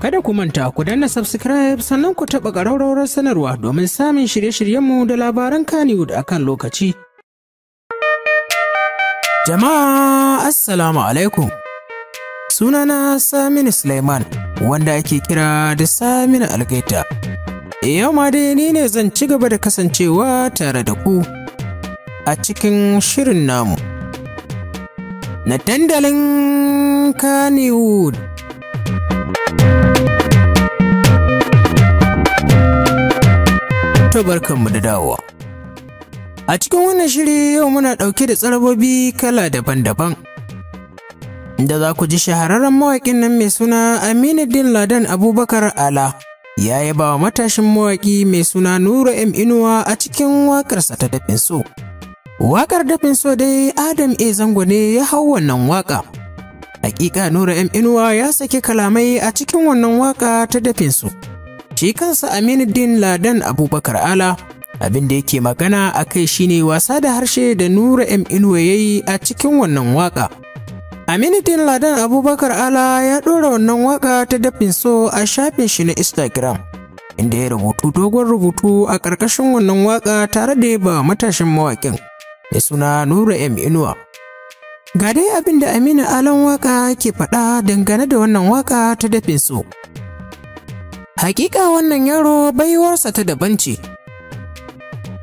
Kada ku manta ku danna subscribe sannan ku taɓa ƙararrawar sanarwa domin samun shirye-shiryenmu da labaran Kannywood a kan lokaci. Jama'a Assalamu alaikum. Sunana Saminu Suleiman wanda ake kira da Saminu Algaita. Yau ma dai ni ne zan ci gaba da kasancewa tare da ku a cikin shirin namu. Na dandalin Kannywood. tabarkanmu da dawowa. A cikin wannan shiri yau muna ɗauke da tsarabobi kala daban-daban. Da za ku ji shahararren mawaƙin nan mai suna Aminu din Laden, Abubakar Ala ya yaba wa matashin mawaƙi mai suna Nura M Inuwa a cikin waƙarsa ta dafin so. Waƙar dafin so dai Adam A Zango ne ya hau wannan waƙa. Hakika Nura M Inuwa ya saki kalamai a cikin wannan waƙa ta dafin so. Shi kansa Aminuddin Ladan Abubakar Ala abin da yake magana a kai shine wasa da harshe da Nura M Inuwa ya a cikin wannan waka. Aminuddin Ladan Abubakar Ala ya ɗora wannan waka ta dafin so a shafin shi na Instagram. Inda ya rubutu dogon rubutu a ƙarƙashin wannan waka tare da ba matashin mawaƙin ya suna Nura M Inuwa. Ga dai abin da Aminu Alan waka ke faɗa dangane da wannan waka ta dafin so. Hakika wannan yaro baiwarsa ta daban ce.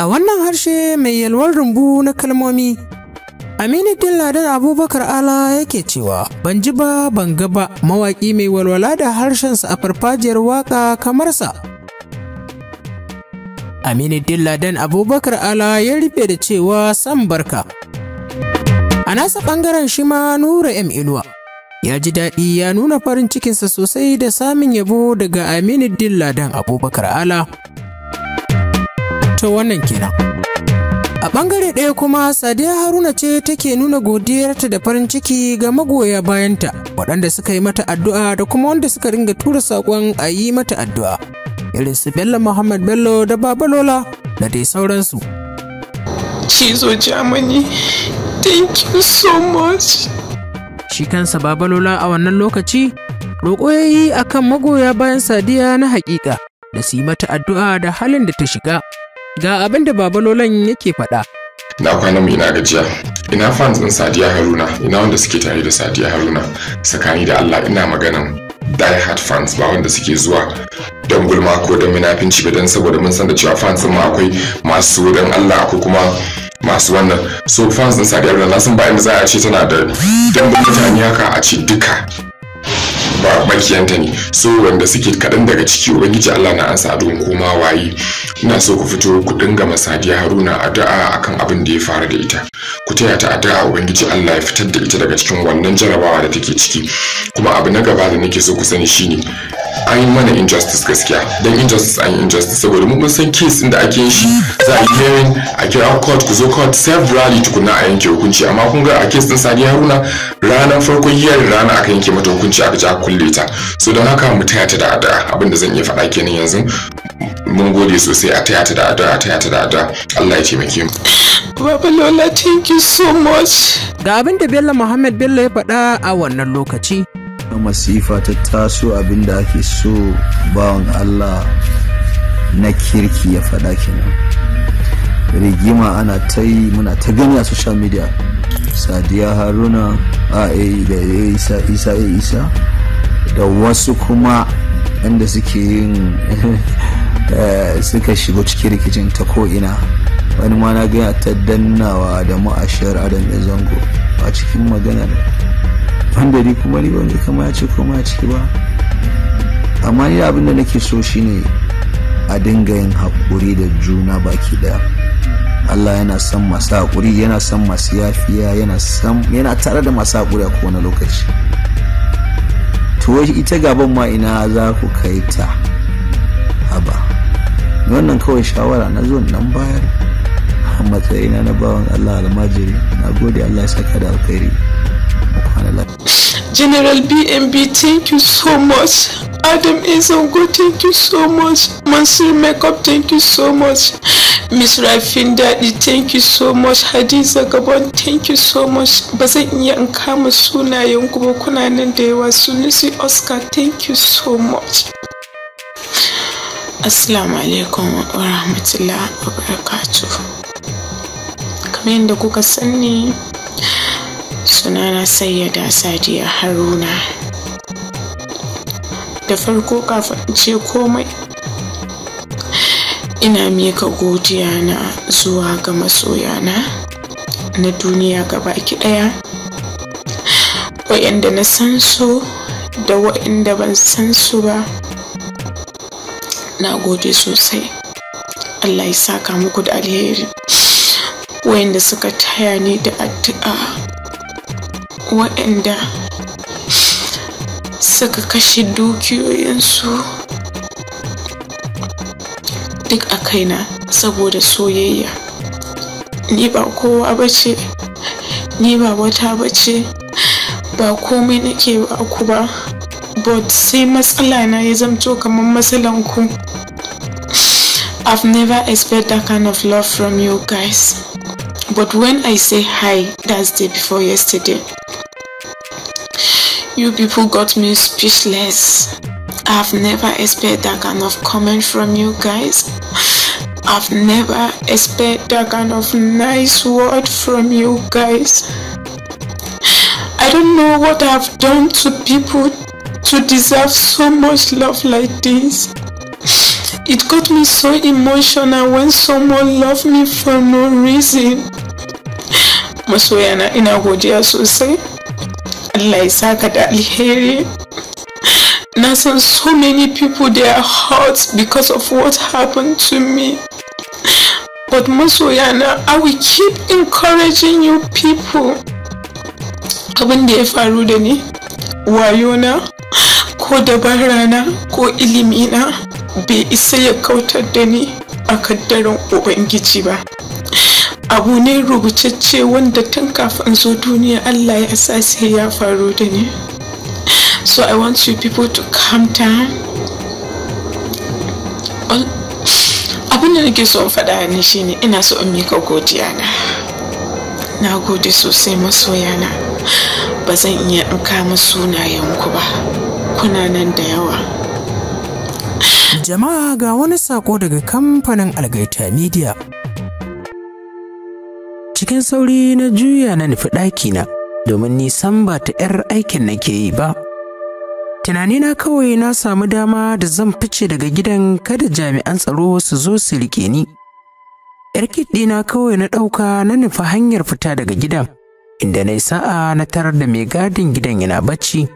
A wannan harshe mai yalwar rumbu na kalmomi, Aminuddin Ladan Abubakar Ala yake cewa, Ban ji ba, ban ga ba, mawaƙi mai walwala da harshensa a farfajiyar waƙa kamarsa. Aminuddin Ladan Abubakar Ala ya rufe da cewa san barka. A nasa ɓangaren shi ma Nura M. Inuwa. ya ji daɗi ya nuna farin cikinsa sosai da samun yabo daga Aminu dan Abubakar Ala. To wannan kenan. A ɓangare ɗaya kuma Sadiya Haruna ce take nuna godiyarta da farin ciki ga magoya bayanta waɗanda suka yi mata addu'a da kuma wanda suka ringa tura saƙon a yi mata addu'a. Irin su Bello Muhammad Bello da Babalola da dai sauransu. Cizo thank you so much. shi kansa babalola a wannan lokaci roƙo ya yi a kan magoya bayan sadiya na haƙiƙa da su yi mata addu'a da halin da ta shiga ga abin da babalolan yake faɗa na kwana mu ina gajiya ina fans din sadiya haruna ina wanda suke tare da sadiya haruna tsakani da allah ina maganan die hard fans ba wanda suke zuwa don gulma ko don munafinci ba don saboda mun san da cewa fans ma akwai masu don allah ko kuma masu wannan so fans din Saudi Arabia sun bayan ba inda za a ce tana da dambun mutane haka a ce duka ba makiyanta ne so wanda suke kaɗan daga ciki ubangiji Allah na ansa don koma waye ina so ku fito ku dinga masadiya Haruna addu'a akan abin da ya faru da ita ku taya ta addu'a ubangiji Allah ya fitar da ita daga cikin wannan jarabawa da take ciki kuma abu na gaba da nake so ku sani shine an yi mana injustice gaskiya don injustice an yi injustice saboda mun san case inda ake yin shi za a yi hearing a kira court ku zo court severally tukuna a yanke hukunci amma kun ga a case din Sadiya Haruna ranar farko yarin rana aka yanke mata hukunci aka ji a kulle ta so don haka mu taya ta da addu'a abin da zan iya faɗa kenan yanzu mun gode sosai a taya ta da addu'a a taya ta da addu'a Allah ya taimake mu Baba Lola thank you so much ga abin Bello Muhammad Bello ya faɗa a wannan lokaci na masifa ta taso abinda ake so bawan Allah na kirki ya faɗa kenan rigima ana ta yi muna ta gani a social media sadiya haruna a da isa isa isa da wasu kuma inda suke yin eh, suka shigo cikin rikicin ta ko'ina wani ma na gaya ta dannawa da ma'ashiyar adam zango a cikin maganar handari kuma ni wanda kama ya ce koma ciki ba amma ni abin da nake so shine a dinga yin haƙuri da juna baki daya Allah yana son masu haƙuri yana son masu yafiya yana tare da masu haƙuri a kowane lokaci to ita gaban ma ina za ku kai ta haba wannan kawai shawara na zo nan bayar a matsayina na bawan Allah almajiri na gode Allah ya saka da alkhairi General BMB, thank you so much. Adam Ezongo, thank you so much. Mansur Makeup, thank you so much. Miss Rafin Daɗi, thank you so much. Hadiza Gabon, thank you so much. bazan iya in kama sunayen kuma kuna da yawa Sunusi Oscar, thank you so much. Assalamu alaikum wa rahmatullahi wa barakatuh. Kamar yadda kuka sani sunana sayyada sadiya haruna da farko kafin ce komai ina mika godiya na zuwa ga masoyana na duniya baki ɗaya wa'yanda na san su da wa'yanda ban san su ba na gode sosai allah ya saka muku da alheri wa'yanda suka taya ni da addu'a waɗanda suka kashe dukiyoyinsu duk a kaina saboda soyayya ni ba kowa ba ce ni ba wata ba ce ba komai nake ba ku ba but sai matsala na ya zamto kamar matsalan ku I've never expected that kind of love from you guys. But when I say hi, that's day before yesterday. You people got me speechless. I've never expected that kind of comment from you guys. I've never expected that kind of nice word from you guys. I don't know what I've done to people to deserve so much love like this. It got me so emotional when someone loved me for no reason. Masoyana inagodia sosai. Allah ya saka da alheri. Na san so many people they are hurt because of what happened to me. But masoyana, I will keep encouraging you people. Abin da ya faru da ni, wayona, ko dabara na ko ilimina, bai isa ya kautar da ni a kaddaran Ubangiji ba. abu ne rubutacce wanda tun kafin zo duniya allah ya sa sai ya faru da ni so i want you people to calm down abin da nake so faɗa ne shine ina so in mika godiya na na gode sosai masoyana ba zan iya ɗauka musu sunayenku ba kuna nan da yawa jama'a ga wani sako daga kamfanin algaita media cikin sauri na juya na nufi ɗakina domin nisan ba ta 'yar aikin nake yi ba. Tunanina kawai na samu dama da zan fice daga gidan kada jami'an tsaro su zo su rike ni. ‘Yar ɗina kawai na ɗauka na nufi hanyar fita daga gidan, inda na sa'a na tarar da mai gadin gidan yana bacci.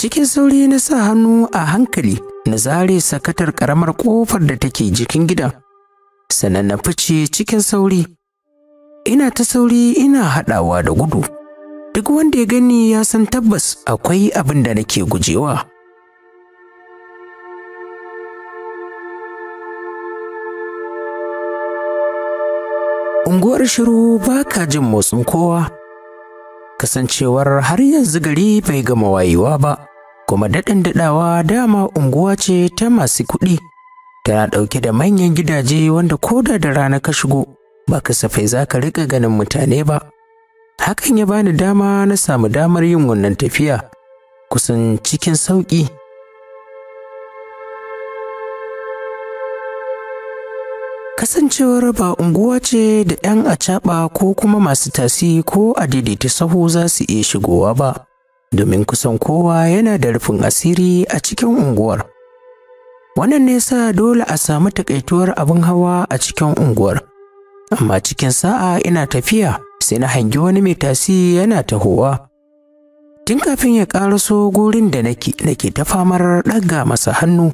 Cikin sauri na sa hannu a hankali na zare sakatar ƙaramar ƙofar da take jikin gidan. Sannan na fice cikin sauri ina ta sauri ina haɗawa da gudu. Duk wanda ya gani ya san tabbas akwai abin da nake gujewa. Unguwar shiru ba ka jin motsin kowa, kasancewar har yanzu gari bai gama wayewa ba, kuma daɗin daɗawa dama unguwa ce ta masu kuɗi, tana ɗauke da manyan gidaje wanda koda da rana ka shigo. ba kasafai za ka riƙa ganin mutane ba. Hakan ya bani dama na samu damar yin wannan tafiya kusan cikin sauƙi. Kasancewar ba unguwa ce da 'yan acaɓa ko kuma masu tasi ko a daidaita sahu za su iya shigowa ba, domin kusan kowa yana da rufin asiri a cikin unguwar. Wannan nesa dole a samu takaituwar abin hawa a cikin unguwar. amma cikin sa'a ina tafiya sai na hangi wani mai tasi yana tahowa. Tun kafin ya ƙaraso gurin da nake nake ta famar ɗaga masa hannu.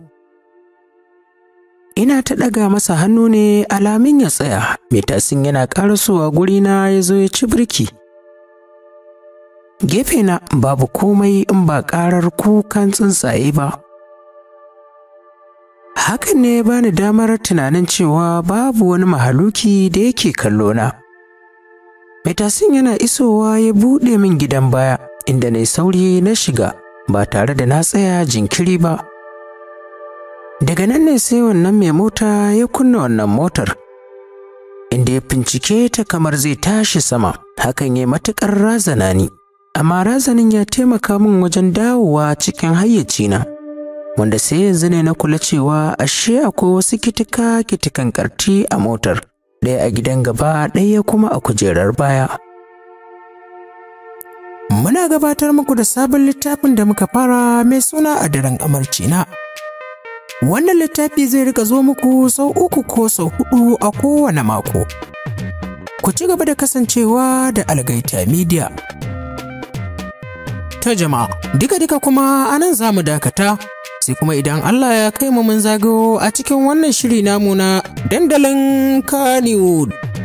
Ina ta ɗaga masa hannu ne alamin ya tsaya, mai tasin yana ƙarasowa gurina ya zo ya ci birki. Gefe na babu komai in ba ƙarar kukan tsuntsaye ba. hakan ne bani damar tunanin cewa babu wani mahaluki da yake kallona. Metasin yana isowa ya buɗe min gidan baya inda na sauri na shiga ba tare da na tsaya jinkiri ba. Daga nan ne sai wannan mai mota ya kunna wannan motar. Inda ya fincike ta kamar zai tashi sama, hakan ya matuƙar razana ni. Amma razanin ya taimaka min wajen dawowa cikin hayyacina. wanda sai yanzu ne na kula cewa ashe akwai wasu kitika kitikan karti a motar ɗaya a gidan gaba ɗaya kuma a kujerar baya muna gabatar muku da sabon littafin da muka fara mai suna a daren amarcina wannan littafi zai rika zo muku sau uku ko sau hudu a kowane mako ku ci gaba da kasancewa da algaita media ta jama'a duka-duka kuma anan za mu dakata sai kuma idan Allah ya kai mu mun zagayo a cikin wannan shiri namu na dandalin Kannywood.